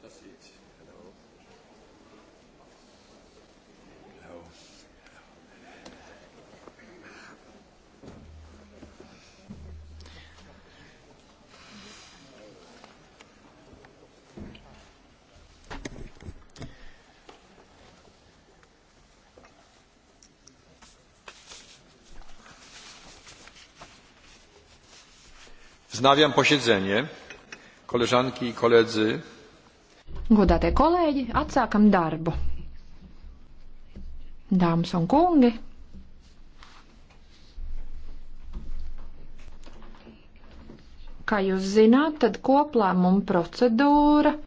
Časīts. Znawiam posiedzenie. Koleżanki i koledzy. Godātie kolēģi, atsākam darbu. Dāmas un kungi. Kā jūs zināt, tad koplēmuma procedūra.